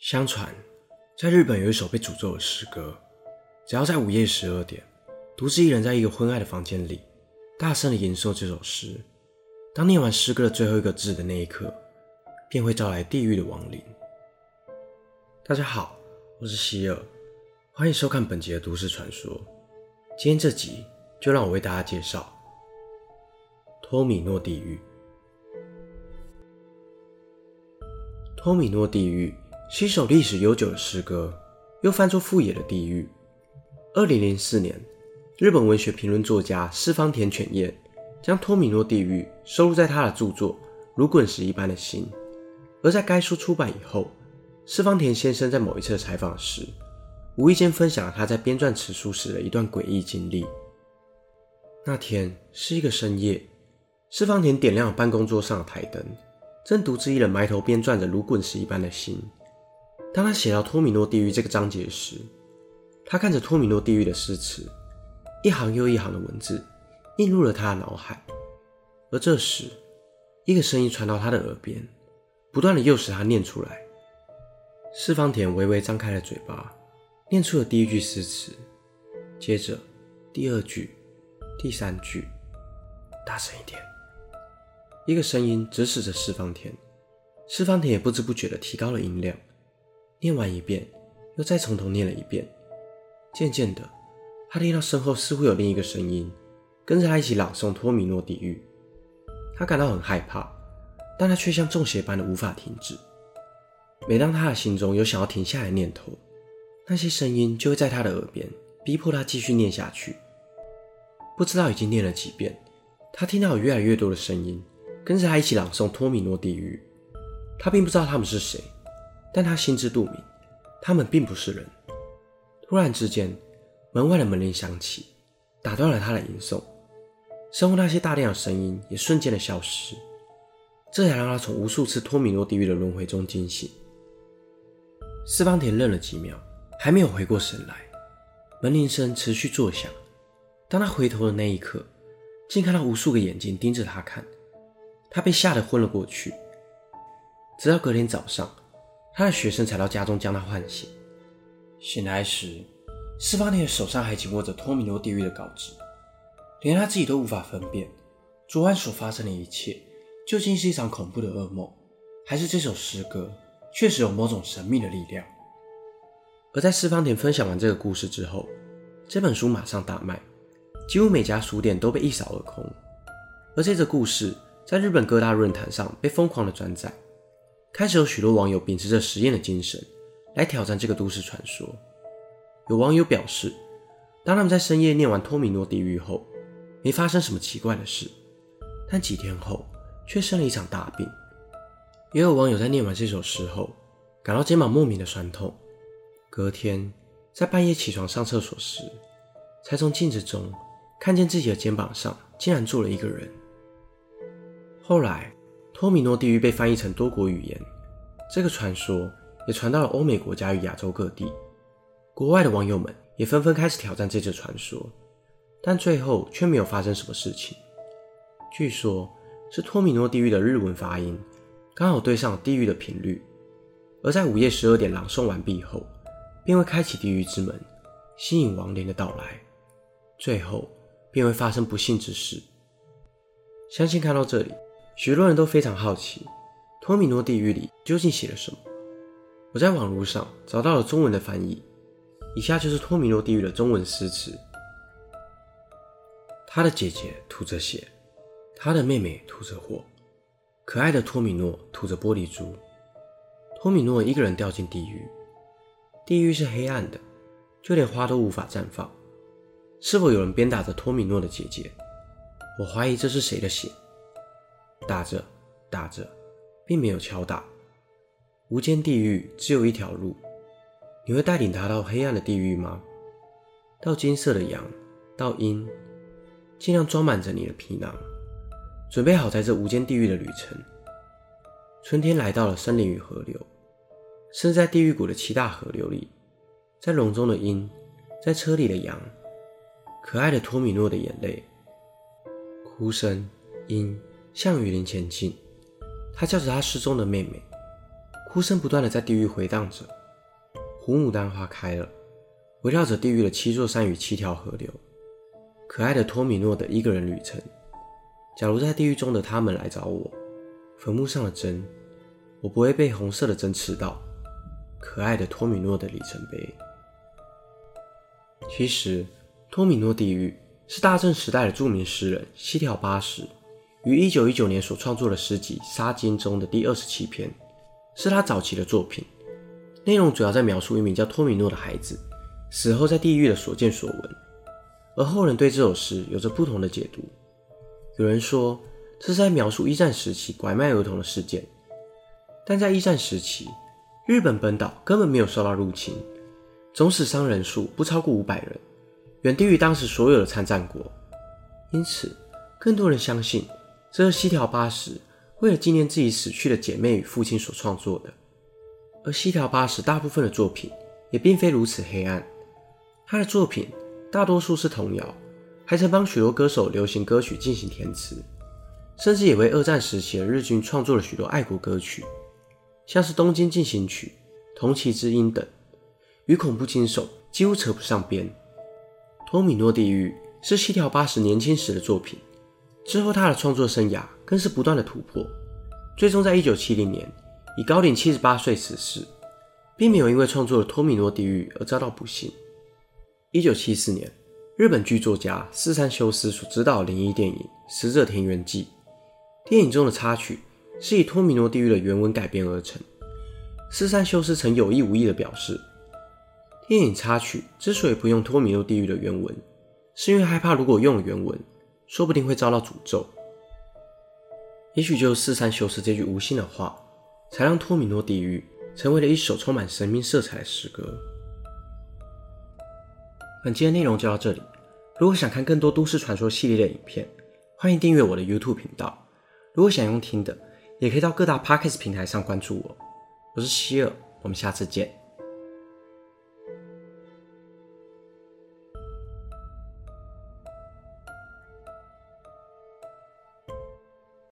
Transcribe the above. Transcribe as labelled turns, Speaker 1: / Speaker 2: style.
Speaker 1: 相傳，在日本有一首被詛咒的詩歌，只要在午夜十二點，獨自一人在一個昏暗的房間裡，大聲的吟誦這首詩，當念完詩歌的最後一個字的那一刻，便會招來地獄的亡靈。大家好，我是希爾，歡迎收看本集的都市傳說。今天這集就讓我為大家介紹托米諾地獄。托米諾地獄。托米這首歷史悠久的詩歌，又翻作富野的地獄。二零零四年，日本文學評論作家四方田犬彥將《托米諾地獄》收錄在他的著作《如滾石一般的心》。而在該書出版以後，四方田先生在某一次採訪時，無意間分享了他在編撰此書時的一段詭異經歷。那天是一個深夜，四方田點亮了辦公桌上的檯燈，正獨自一人埋頭編撰着《如滾石一般的心》。當他寫到《托米諾地獄》這個章節時，他看着《托米諾地獄》的詩詞，一行又一行的文字映入了他的腦海。而這時，一個聲音傳到他的耳邊，不斷的誘使他念出來。四方田微微張開了嘴巴，念出了第一句詩詞，接着第二句、第三句。大聲一點！一個聲音指使着四方田，四方田也不知不覺地提高了音量。念完一遍，又再從頭念了一遍。漸漸的，他聽到身後似乎有另一個聲音，跟着他一起朗誦《托米諾地獄》。他感到很害怕，但他卻像中邪般的無法停止。每當他的心中有想要停下來念頭，那些聲音就會在他的耳邊逼迫他繼續念下去。不知道已經念了幾遍，他聽到有越來越多的聲音，跟着他一起朗誦《托米諾地獄》。他並不知道他們是誰。但他心知肚明，他們並不是人。突然之間，門外的門鈴響起，打斷了他的吟誦。身後那些大量的聲音也瞬間的消失，這才讓他從無數次托米諾地獄的輪回中驚醒。四方田愣了幾秒，還沒有回過神來。門鈴聲持續作響。當他回頭的那一刻，竟看到無數個眼睛盯着他看。他被嚇得昏了過去。直到隔天早上。他的學生才到家中將他喚醒。醒來時，四方田的手上還緊握着《托米諾地獄》的稿紙，連他自己都無法分辨，昨晚所發生的一切究竟是一場恐怖的噩夢，還是這首詩歌確實有某種神秘的力量。而在四方田分享完這個故事之後，這本書馬上大賣，幾乎每家書店都被一掃而空，而這個故事在日本各大論壇上被瘋狂的轉載。開始有許多網友秉持着實驗的精神，來挑戰這個都市傳說。有網友表示，當他們在深夜念完《托米諾地獄》後，沒發生什麼奇怪的事，但幾天後卻生了一場大病。也有網友在念完這首詩後，感到肩膀莫名的痠痛，隔天在半夜起床上廁所時，才從鏡子中看見自己的肩膀上竟然坐了一個人。後來。托米諾地獄被翻譯成多國語言，這個傳說也傳到了歐美國家與亞洲各地。國外的網友們也紛紛開始挑戰這則傳說，但最後卻沒有發生什麼事情。據說，是托米諾地獄的日文發音剛好對上了地獄的頻率，而在午夜十二點朗誦完畢後，便會開啟地獄之門，吸引亡靈的到來，最後便會發生不幸之事。相信看到這裡。許多人都非常好奇，《托米諾地獄》裡究竟寫了什麼？我在網絡上找到了中文的翻譯，以下就是《托米諾地獄》的中文詩詞：他的姐姐吐着血，他的妹妹吐着火，可愛的托米諾吐着玻璃珠。托米諾一個人掉進地獄，地獄是黑暗的，就連花都無法綻放。是否有人鞭打着托米諾的姐姐？我懷疑這是誰的血？打着，打着，並沒有敲打。無間地獄只有一條路，你會帶領他到黑暗的地獄嗎？到金色的羊，到鷹，盡量裝滿着你的皮囊，準備好在這無間地獄的旅程。春天來到了森林與河流，身在地獄谷的七大河流裡，在籠中的鷹，在車裡的羊，可愛的托米諾的眼淚，哭聲，鷹。向雨林前進，他叫着他失蹤的妹妹，哭聲不斷的在地獄回蕩着。紅牡丹花開了，圍繞着地獄的七座山與七條河流。可愛的托米諾的一個人旅程。假如在地獄中的他們來找我，墳墓上的針，我不會被紅色的針刺到。可愛的托米諾的里程碑。其實，托米諾地獄是大正時代的著名詩人西條八十。於一九一九年所創作的詩集《沙金》中的第二十七篇，是他早期的作品，內容主要在描述一名叫托米諾的孩子死後在地獄的所見所聞。而後人對這首詩有着不同的解讀，有人說這是在描述一戰時期拐賣兒童的事件，但在一戰時期，日本本島根本沒有受到入侵，總死傷人數不超過五百人，遠低於當時所有的參戰國，因此更多人相信。這是西條八十為了紀念自己死去的姐妹與父親所創作的，而西條八十大部分的作品也並非如此黑暗。他的作品大多數是童謠，還曾幫許多歌手流行歌曲進行填詞，甚至也為二戰時期的日軍創作了許多愛國歌曲，像是《東京進行曲》、《同期之櫻》等，與恐怖驚悚幾乎扯不上邊。《托米諾地獄》是西條八十年輕時的作品。之後，他的創作生涯更是不斷的突破，最終在一九七零年以高齡七十八歲辭世，並沒有因為創作了《托米諾地獄》而遭到不幸。一九七四年，日本劇作家寺山修司所指導的靈異電影《死者田園記》，電影中的插曲是以《托米諾地獄》的原文改編而成。寺山修司曾有意無意地表示，電影插曲之所以不用《托米諾地獄》的原文，是因為害怕如果用了原文，說不定會遭到詛咒，也許就是寺山修司這句無心的話，才讓《托米諾地獄》成為了一首充滿神秘色彩的詩歌。本期的內容就到這裡，如果想看更多都市傳說系列的影片，歡迎訂閱我的 YouTube 頻道。如果想用聽的，也可以到各大 Podcast 平台上關注我。我是希爾，我們下次見。